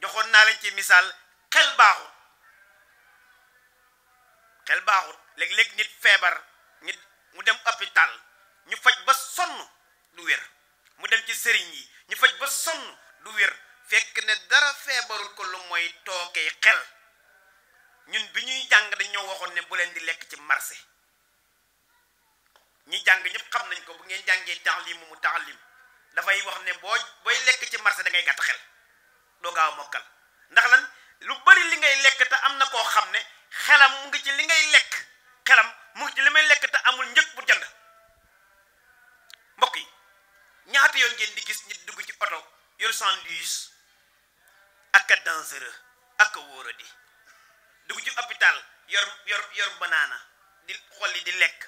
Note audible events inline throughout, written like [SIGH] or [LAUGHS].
joxoon naa leen ci misaal xel baaxut xel baaxut léeg-léeg nit feebar nit mu dem hôpital ñu faj ba sonn du wér mu dem ci sëriñ yi ñu faj ba sonn du wér fekk ne dara feebarul ko lu mooy tookee xel ñun bi ñuy jàng dañoo waxoon ne bu leen di lekk ci marché ñi jàng ñëpp xam nañ ko bu ngeen jàngee taalim mu taalim dafay wax ne boo booy lekk ci marché dangay gàtt xel doo gaaw a ndax la lu bari li ngay lekk te am na koo xam ne xelam mu ngi ci li ngay lekk xelam mu ngi ci li may lekk te amul njëg bu jënd mbokk yi ñaata yoon ngeen di gis nit dugg ci oto yor sandwich ak a dangereux ak ci hôpital yor yor banaana di xolli di lekk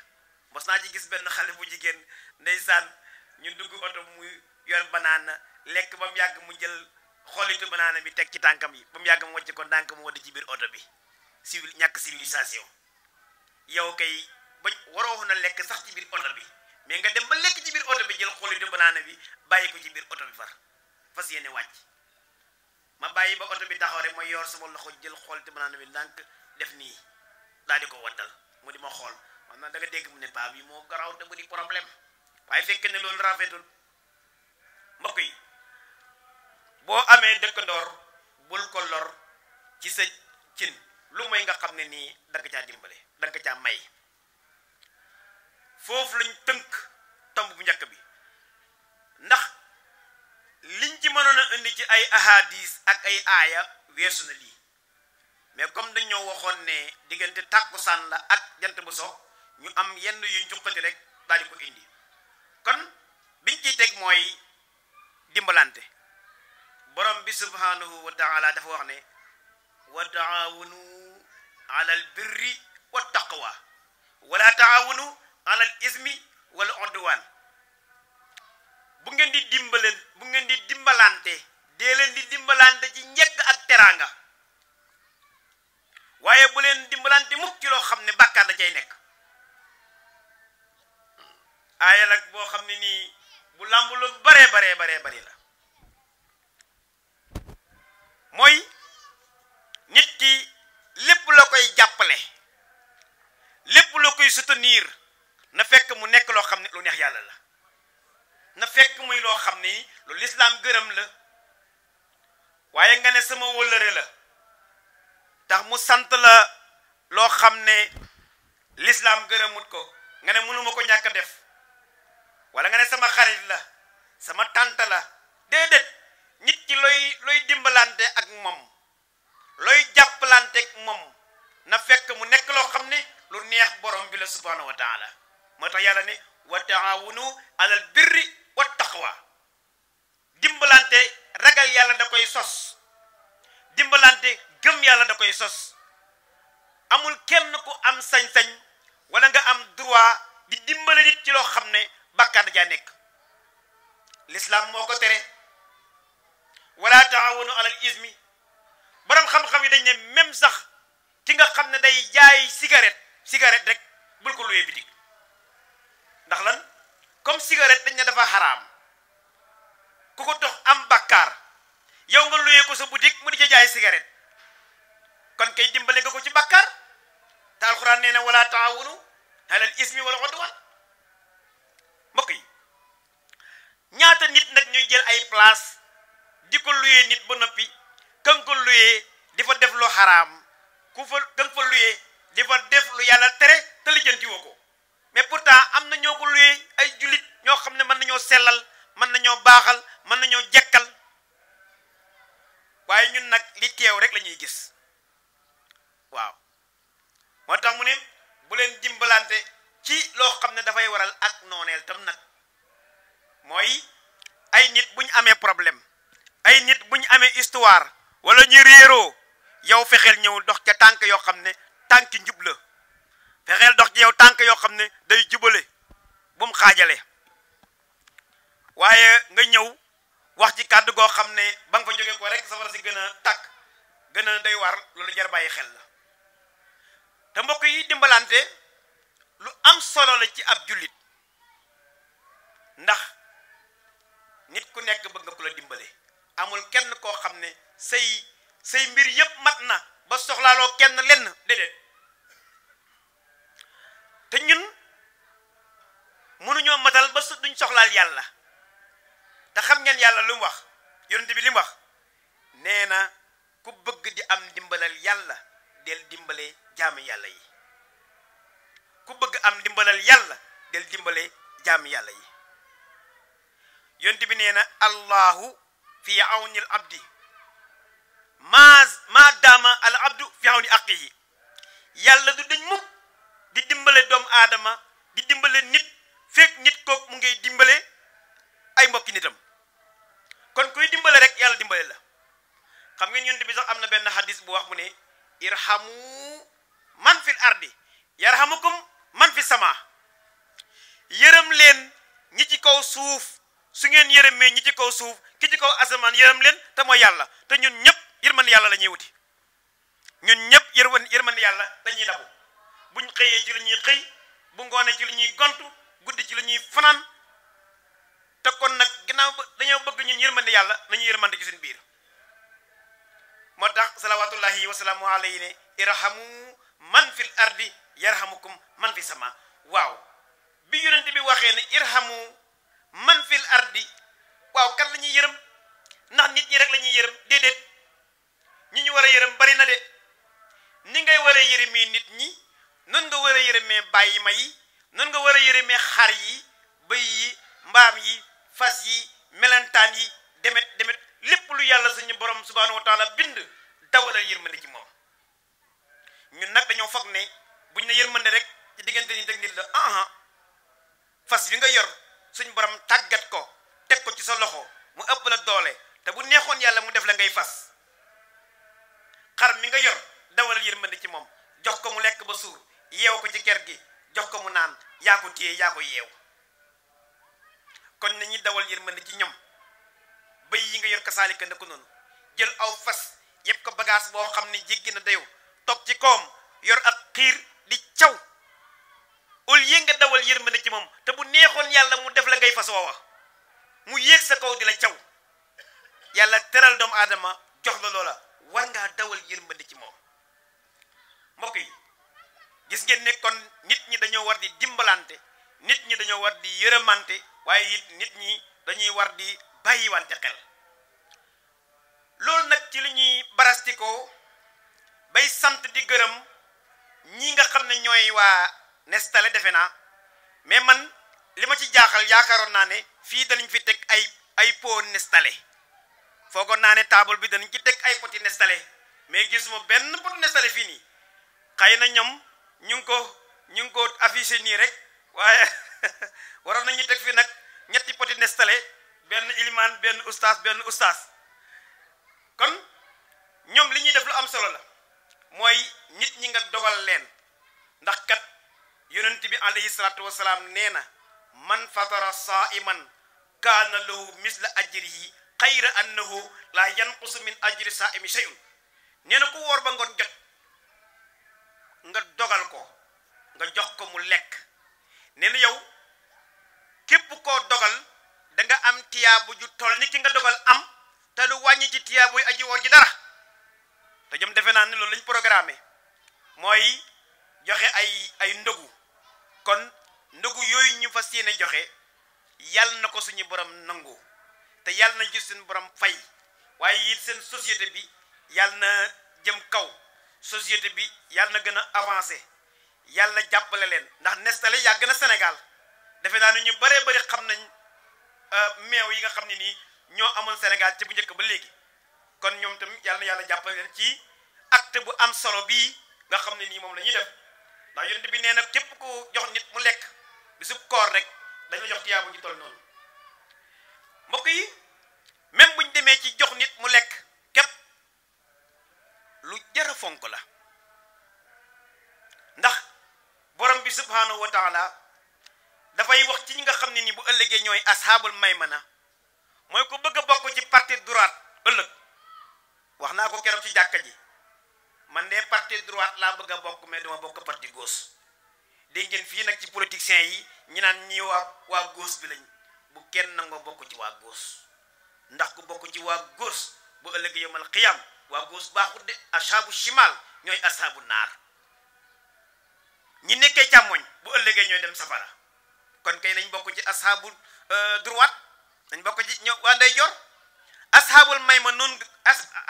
mos naa ci gis benn xale bu jigéen ndeysaan ñu dugg oto muy yor banaana lekk ba mu yàgg mu jël xolitu banaana bi teg ci tànkam yi ba mu yàgg mu wàcc ko ndànk mu wadd ci biir oto bi civil ñàkk civilisation yow kay ba waroo na lekk sax ci biir oto bi mais nga dem ba lekk ci biir oto bi jël xolitu banaana bi bàyyi ko ci biir oto bi far fas yéene wàcc ma bàyyi ba oto bi taxaw rek ma yor sama loxo jël xolitu banaana bi ndànk def nii daal di ko waddal mu di ma xool man na da nga dégg mu ne paa yi moo garaw te mu di problème waaye fekk ne loolu rafetul mbokk yi boo amee dëkkandoor bul ko lor ci sa cin lu mooy nga xam ne nii dagg caa dimbale danga caa may foofu lañ tënk tomb bu njëkk bi ndax liñ ci mënoon a indi ci ay ahadis ak ay aaya weesu na lii mais comme dañoo waxoon ne diggante tàkkusaan la ak jant bu so ñu am yenn yu njuqati rek daal di ko indi kon biñ ci teg mooy dimbalante borom bi subhanahu wa taala dafa wax ne wa taawunu ala al birri wala taawunu ismi wal odduwaan bu ngeen di dimbaleen bu ngeen di dimbalante dee leen di dimbalante ci njëkk ak teraanga waaye bu leen dimbalante mukk ci xam ne bàkkaar da cay nekk aaya nag boo xam ne nii bu làmb lu baree baree baree bari la mooy nit ki lépp la koy jàppale lépp la koy soutenir na fekk mu nekk loo xam ne lu neex yàlla la na fekk muy loo xam ni lu lislaam gërëm la waaye nga ne sama wëllëre la tax mu sant la loo xam ne lislaam gërëm gërëmut ko nga ne mënuma ko ñàkk def wala nga ne sama xarit la sama tànt la déedéet nit ki looy looy dimbalante ak moom looy jàppalante ak moom na fekk mu nekk loo xam ne lu neex borom bi la subhanahu wa taala moo tax yàlla ne wa taawunu alal birri wa dimbalante ragal yàlla da koy sos dimbalante gëm yàlla da koy sos amul kenn ku am sañ-sañ wala nga am droit di dimbale nit ci loo xam ne bàkkaar ja nekk l'islam moo ko tere wala taawanu alal ismi borom xam-xam yi dañ ne même sax ki nga xam ne day jaay cigarette cigarette rek bul ko luwee bitig ndax lan comme cigarette dañ ne dafa xaraam ku ko tox am bakkaar yow nga luye ko sa boutique mu di ca jaay cigarette kon kay dimbale nga ko ci bakkaar te alxuraan nee na wala taawunu alal ismi wala odwaan mbokk yi ñaata nit nag ñuy jël ay place di ko luye nit ba noppi kan ko luyee di fa def lu xaraam ku fa kan fa luyee di fa def lu yàlla tere te lijjanti ko mais pour pourtant am na ñoo ko luyee ay jullit ñoo xam ne mën nañoo sellal mën nañoo baaxal mën nañoo jekkal waaye ñun nag li teew rek la ñuy gis waaw moo tax mu ne bu leen dimbalante ci loo xam ne dafay waral ak nooneel tam nag mooy ay nit bu ñu amee problème ay nit bu ñu amee histoire wala ñu réeroo yow fexeel ñëw dox ca tànk yoo xam ne tànk njub la fexeel dox ci yow tànk yoo xam ne day jubale bu mu xaajale waaye nga ñëw wax ci kàdd goo xam ne ba nga ko jógee ko rek safara si gën a tàkk gën a day war loolu jar bàyyi xel la te mbokk yi dimbalante lu am solo la ci ab jullit ndax nit ku nekk bëgg nga ku la dimbale amul kenn koo xam ne say say mbir yëpp mat na ba soxlaaloo kenn lenn déedéet te ñun mënuñoo matal ba su duñ soxlaal yàlla te xam ngeen yàlla lu mu wax yonent bi li wax nee na ku bëgg di am dimbalal yàlla del dimbale jaami yàlla yi ku bëgg am dimbalal yàlla del dimbale jaami yàlla yi yonent bi nee na allahu fi awni al abdi maa maa daama al abdu fi awni aqihi yàlla du dañ mukk di dimbale doomu aadama di dimbale nit fekk nit kook mu ngay dimbale ay mbokki nitam kon kuy dimbale rek yàlla dimbale la xam ngeen yonent bi sax am na benn hadis bu wax mu ne irhamu man fil ardi yarhamukum man fi sama yërëm leen ñi ci kaw suuf su ngeen yërëmee ñi ci kaw suuf ki ci kaw asamaan yërëm leen te mooy yàlla te ñun ñëpp yërmande yàlla la ñuy wuti ñun ñëpp yërwan yërmande yàlla dañuy bu ñu xëyee ci la ñuy xëy bu ngoonee ci la ñuy gontu guddi ci la ñuy fanaan te kon nag ginnaaw dañoo bëgg ñun yërmande yàlla nañu yërmande ci suñ biir moo tax salawatullahi wasalaamu alayhi ne irhamu man fil ardi yarhamukum man fi sama waaw bi yonente bi waxee ne irhamu man fil ardi waaw kan lañuy yërëm ndax nit ñi rek lañuy ñuy yërëm déedéet ñi ñu war a yërëm bari na de ni ngay war a yërëmee nit ñi noonu nga war a yërëmee bàyyi ma yi noonu nga war a yërëmee xar yi bëy yi mbaam yi fas yi melentaan yi demet demet lépp lu yàlla suñu borom subhanahu wa taala bind dawalal yërmande ci moom ñun nag dañoo foog ne buñ ne yërmande rek ci diggante nit ak nit la aha fas bi nga yor suñ borom tàggat ko teg ko ci sa loxo mu ëpp la doole te bu neexoon yàlla mu def la ngay fas xar mi nga yor dawalal yërmande ci moom jox ko mu lekk ba suur yeew ko ci kër gi jox ko mu naan yaa ko téye yaa ko yeew kon nañuy dawal yërmande ci ñoom bay yi nga yor kasaalika na ko noonu jël aw fas yëpp ko bagaas boo xam ne jéggi na dayo toog ci koom yor ak xiir di caw au lieu nga dawal yërmande ci moom te bu neexoon yàlla mu def la ngay fas wax mu yéeg sa kaw di la caw yàlla teral doomu aadama jox la loola war ngaa dawal yërmande ci moom mbokk yi gis ngeen ne kon nit ñi dañoo war di dimbalante nit ñi dañoo war di yërëmante waaye it nit ñi dañuy war di bàyyiwante xel loolu nag ci li ñuy barastikoo bay sant di gërëm ñi nga xam ne ñooy waa Nestlé defe naa mais man li ma ci jaaxal yaakaaroon naa ne fii danañ fi teg ay ay pot Nestlé foogoon naa ne table bi danañ ci teg ay poti Nestlé mais gisuma benn pot Nestlé fii nii xëy na ñoom ñu ngi ko ñu ngi ko affiché nii rek waaye [LAUGHS] waroon ñu teg fi nag ñetti poti nestale benn ilimaan benn ustaas benn ustaas kon ñoom li ñuy def lu am solo la mooy nit ñi nga dogal leen ndax kat yonent bi alayhi salaatu wasalaam nee na man man fatara saa'iman kaana lahu misla ajrihi xayra annahu laa yanqusu min ajri saa'imi shay'un nee na ku woor ba ngoon jot nga dogal ko nga jox ko mu lekk nee na yow képp ko dogal danga am tiyaabu ju toll ni ki nga dogal am te lu wàññi ci tiyaabu yi ji dara te ñoom defe naa ne loolu lañ programmé mooy joxe ay ay ndogu kon ndogu yooyu ñu fas yéene joxe yàlla na ko suñu borom nangu te yàlla na gis seen borom fay waaye it seen société bi yàlla na jëm kaw société bi yàlla na gën a avancé yàlla na jàppale leen ndax Nestlé yàgg na Sénégal defe naa ne ñu baree bëri xam nañ euh, meew yi nga xam ne nii ñoo amoon Sénégal ci bu njëkk ba léegi kon ñoom tamit yàlla na yàlla jàppale leen ci acte bu am solo bii nga xam ne nii moom la ñuy def. ndax yonent bi nee na képp ku jox nit mu lekk bisub koor rek dañ la jox tiyaabu ji noonu mbokk yi même buñ demee ci jox nit mu lekk képp lu jara fonk la ndax borom bi subhanahu wa taala dafay wax ci ñi nga xam ne ni bu ëllëgee ñooy asxaabul maymana mooy ko bëgg a bokk ci parti droite ëllëg wax naa ko keroog ci jàkka ji man de parti droite laa bëgg a bokk mais dama bokk parti goos dégg ngeen fii nag ci politiciens yi ñi naan ñii waa waa gauche bi lañ bu kenn nangoo bokk ci waa gauche ndax ku bokk ci waa gauche bu ëllëgee yawmal qiyaam waa gauche baaxut de ashaabu shimal ñooy ashaabu naar ñi nekkee càmmoñ bu ëllëgee ñooy dem safara kon kay nañ bokk ci ashaabu euh, droite dañ bokk ci ñoo waa ndeyjoor ashaabul maymanoon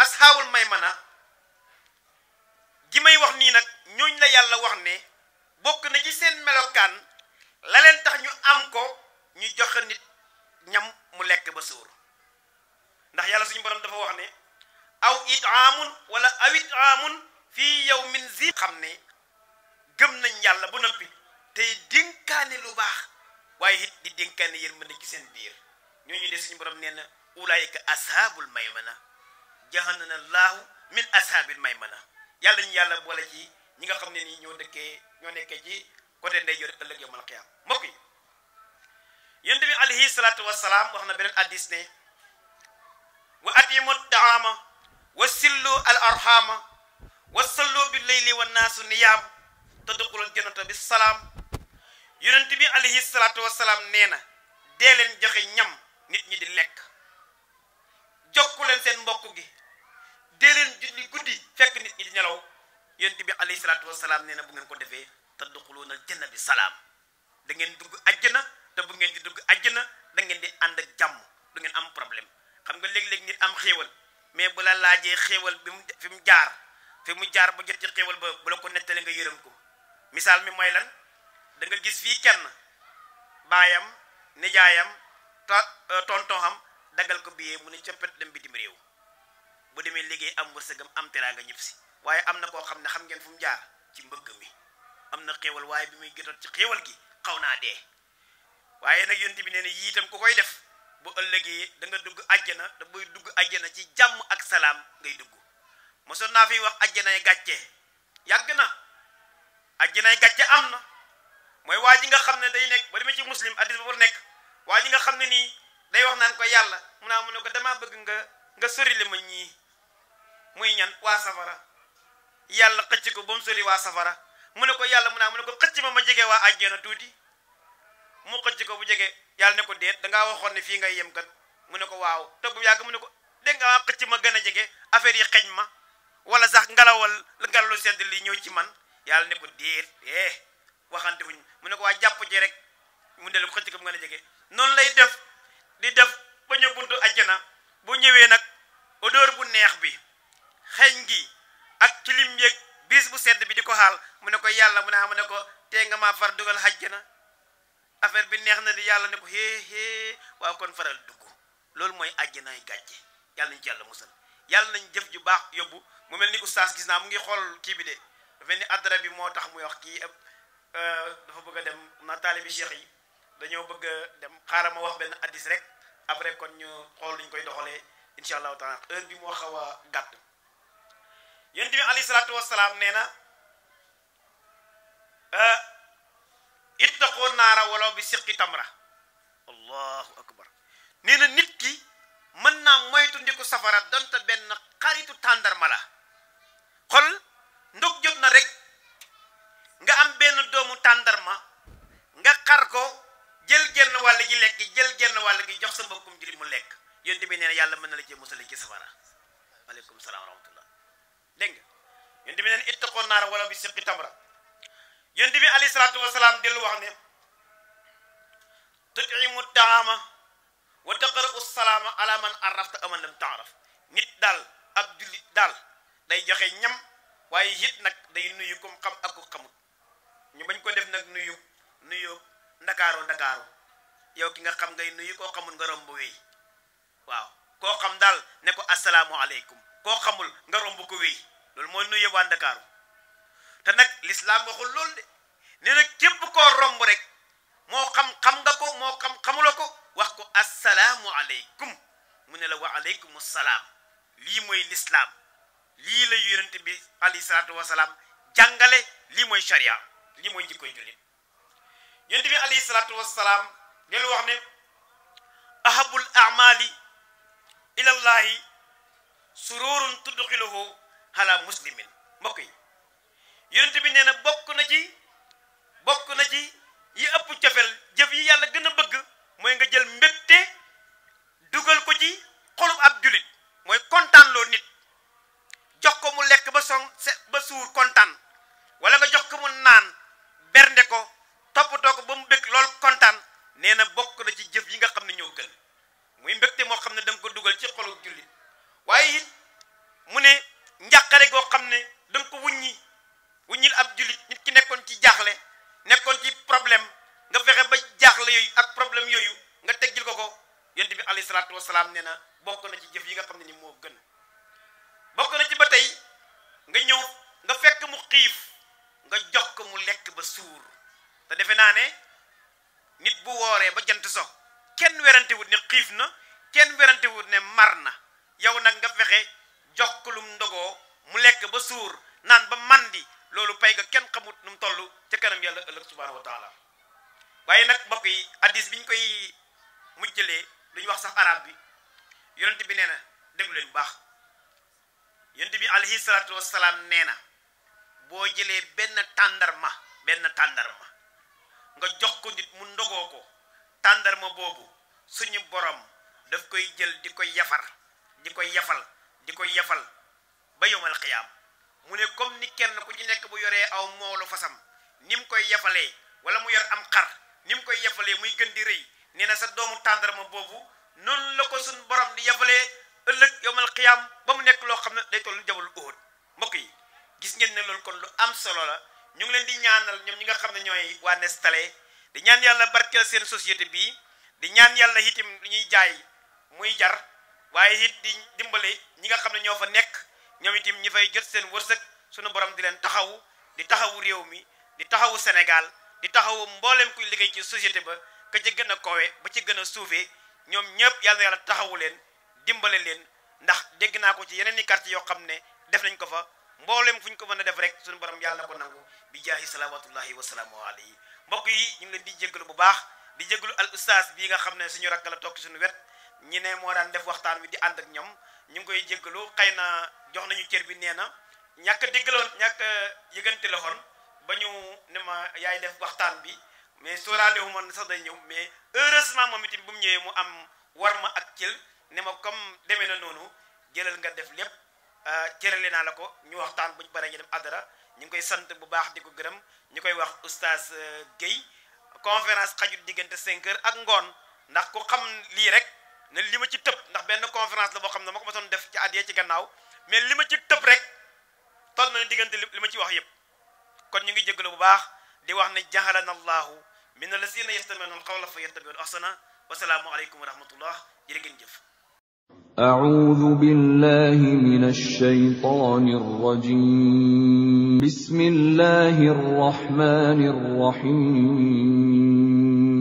ashaabul na gi may wax nii nag ñooñ la yàlla wax ne bokk na ci seen melokaan la leen tax ñu am ko ñu jox nit ñam mu lekk ba suur ndax yàlla suñu borom dafa wax ne aw itaamun wala aw itaamun yow yawmin zi xam ne gëm nañ yàlla bu noppi tey dénkaane lu baax waaye it di dénkaane yërmande ci seen biir ñooñu de suñu borom nee na ulaayika ashaabul maymana jahannana laahu min ashaabil maymana yàlla ñu yàlla boole ci ñi nga xam ne nii ñoo dëkkee ñoo nekkee ci côté ndey yor ëllëg yawmal qiyaam mbokk yi yonent bi alayhi salaatu wax na beneen a ne wa atimu taama wa sillu al arhama wa sallu bi leyli wa naasu niyaam tadxulul jannata bi salaam yonent bi alayhi salaatu nee na dee leen ñam nit ñi di lekk jokku seen mbokk gi dee leen julli guddi fekk nit ñi di nelaw yonent bi alayhi salaatu wasalaam nee na bu ngeen ko defee tadxuluuna aljanna bi salaam da ngeen dugg àjjana te bu ngeen di dugg àjjana da dangeen di ànd ak jàmm du ngeen am problème xam nga léegi léeg nit am xéewal mais bu la laajee xéewal bi mu mu jaar fi mu jaar ba jot ci xéewal ba bu la ko nettale nga yërëm ko misaal mi mooy lan danga gis fii kenn baayam nijaayam ta tonton xam dagal ko biyee mu ne coppet dem bitim réew ba demee liggéey am wërsëgam am teraanga ñëpp si waaye am na koo xam ne xam ngeen fu mu jaar ci mbëgg mi am na xéewal waaye bi muy gëtoot ci xéewal gi xaw naa dee waaye nag yonent bi nee yii tam ko koy def bu ëllëgee da nga dugg àjjana da buy dugg àjjana ci jàmm ak salaam ngay dugg mosoon naa fi wax àjjanay gàcce yàgg na àjjanay gàcce am na mooy waa ji nga xam ne day nekk ba demee ci muslim addis ba nekk waa ji nga xam ne nii day wax naan ko yàlla mu naa ah, mu ne ko damaa bëgg nga nga sori li ma ñii muy ñan waa safara yàlla xëcc ko ba mu sori waa safara mu ne ko yàlla mun naa ah, mu ne ko xëcc ma ma jege waa àjjana tuuti mu xëcc ko bu jege yàlla ne ko déet dangaa waxoon ne fii ngay yem kat mu ne ko waaw te yàgg mu ne ko dégg nga waa ma gën a jege affaire yi xeeñ ma wala sax ngalawal ngalalu sedd li ñëw ci man yàlla ne ko déet eh waxante wuñ mu ne ko waa jàpp ji rek mu dellu ko xëcc ko mu gën a jege noonu lay def di def ba ñëw buntu àjjana bu ñëwee nag odeur bu neex bi xeeñ gi ak tilim yeeg bis bu sedd bi di ko xaal mu ne ko yàlla mu ne xam ah, ne ko tee nga maa far dugal na affaire bi neex na di yàlla ne ko hee hee waaw kon faral dugg loolu mooy àjjanaay gàcce yàlla nañ ci yàlla musal yàlla nañ jëf ju baax yóbbu mu mel ni oustaz gis naa mu ngi xool kii bi de dafa ni adra bi moo tax muy wax kii euh, dafa bëgg a dem na taalibi cheikh yi dañoo bëgg a dem xaaral ma wax benn addis rek après kon ñu xool luñ koy doxalee incha allahu taala bi moo xaw a gàtt yonent bi alayhi salaatu wasalaam nee na eh, ittaqoo naara walaw bi siqi tamra allahu akbar na nit ki mën naa moytu ndiku safara donte benn xaritu tàndarma la xol ndog jot na rek nga am benn doomu tàndarma nga xar ko jël genn wàll gi lekk jël genn wàll gi jox sa mbokkum jullit mu lekk yonent bi nee yàlla mën na la cee musal ci safara aleykum salaam wa dégg nga yéen tamit neen ittaqoo naara wala bi siqi tamra yéen tamit alayhi salaatu wasalaam dellu wax ne tutimu taama wa taqra'u salaama ala man arafta aman lam taaraf nit daal ab jullit daal day joxe ñam waaye it nag day nuyu comme xam ak ko xamut ñu bañ ko def nag nuyu nuyu ndakaaro ndakaaro yow ki nga xam ngay nuyu koo xamul nga romb wéy waaw koo xam daal ne ko asalaamualeykum koo xamul nga romb ko wéy loolu mooy nuyu waa Ndakaaru te nag lislaam waxul loolu de nee na koo romb rek moo xam xam nga ko moo xam xamula ko wax ko assalaamu aleykum mu ne la wa aleykum salaam lii mooy lislaam lii la yonente bi alayhi salaatu wasalaam jàngale lii mooy sharia lii mooy njikkoy jullit yonente bi alayhi salaatu wasalaam delu wax ne ahabul amali ilallahi suróorun tudxiluhu ala muslimin mbokk yi yonent bi nee na bokk na ci bokk na ci yi ëpp cofel jëf yi yàlla gën a bëgg mooy nga jël mbégte dugal ko ci xolum ab julit mooy kontaan loo nit jox ko mu lekk ba song ba suur kontaan wala nga jox ko mu naan bernde ko toppatoo ko ba mu bëgg lool kontaan nee na bokk na ci jëf yi nga xam ne ñoo gën muy mbégte moo xam ne da ko dugal ci xolu jullit waaye it mu ne njàqare goo xam ne danga ko wuññi wuññil ab jullit nit ki nekkoon ci jaaxle nekkoon ci problème nga fexe ba jaxle yooyu ak problème yooyu nga teggil ko ko yonent bi alayhi salaatu wasalaam nee na bokk na ci jëf yi nga xam ne ni moo gën bokk na ci ba tey nga ñëw nga fekk mu xiif nga jox ko mu lekk ba suur te defe naa ne nit bu wooree ba jant so kenn werantewut ne xiif na kenn werantewut ne mar na yow nag nga fexe jox ko lum ndogoo mu lekk ba suur naan ba mandi loolu pay ga kenn xamut nu mu toll ca kanam yàlla ëllëg subhaanahu wa taala waaye nag mbokk yi addis bi ñu koy lu duñu wax sax arab bi yonent bi nee na déglu leen bu baax yonent bi alayhi salaatu wasalaam nee na boo jëlee benn tàndarma benn tàndarma nga jox ko nit mu ndogoo ko tàndarma boobu suñu borom daf koy jël di koy yafar di koy yafal di koy yafal ba yowmal xiyaam mu ne comme ni kenn ku ci nekk bu yoree aw moolu fasam ni mu koy yafalee wala mu yor am xar ni mu koy yafalee muy gën di rëy nee na sa doomu tàndarma boobu noonu la ko suñ borom di yafalee ëllëg yowmal xiyaam ba mu nekk loo xam ne day tollu jabalu Uhud mbokk yi gis ngeen loolu kon lu am solo la ñu ngi leen di ñaanal ñoom ñi nga xam ne ñooy waa Nestlé di ñaan yàlla barkeel seen société bii di ñaan yàlla itam lu ñuy jaay muy jar waaye it di dimbale ñi nga xam ne ñoo fa nekk ñoom itam ñi fay jël seen wërsëg sunu borom di leen taxawu di taxawu réew mi di taxawu Sénégal di taxawu mboolem kuy liggéey ci société ba ka ci gën a kowe ba ci gën a suufee ñoom ñëpp yàlla na yàlla taxawu leen dimbale leen ndax dégg naa ko ci yeneen i quartier yoo xam ne def nañ ko fa mboolem fu ñu ko mën a def rek sunu borom yàlla na ko nangu bi jaahi salawaatullahi wasalaamu alayhi mbokk yi ñu ngi leen di jégalu bu baax di jégalu al ustaas bii nga xam ne suñu rakk la toog ci ñi ne moo daan def waxtaan wi di ànd ak ñoom ñu ngi koy jéggalu xëy na jox nañu cër bi nee na ñàkk déggaloon ñàkk yëgante ba ñu ne ma yaay def waxtaan bi mais sóoraale wu ma sax day ñëw mais heureusement moom itam bu mu ñëwee mu am war ma ak cël ne ma comme demee na noonu jëlal nga def lépp euh, cërale naa la ko ñu waxtaan bu ñu paree ñu dem adara ñu ngi koy sant bu baax di ko gërëm ñu koy wax oustaz euh, Guèye conférence xaju diggante 5 heures ak ngoon ndax ku xam lii rek. ne li ma ci tëb ndax benn conférence la boo xam ne ma ko mosoon def ci at yee ci gannaaw mais li ma ci tëb rek toll na ne diggante li ma ci wax yëpp kon ñu ngi jégalu bu baax di wax ne jahalana allahu min alazina yastamiuna alqawla fa yattabiuna ahsana wasalaamu aleykum wa rahmatullah jërë ngeen jëf أعوذ بالله من الشيطان الرجيم بسم الله الرحمن الرحيم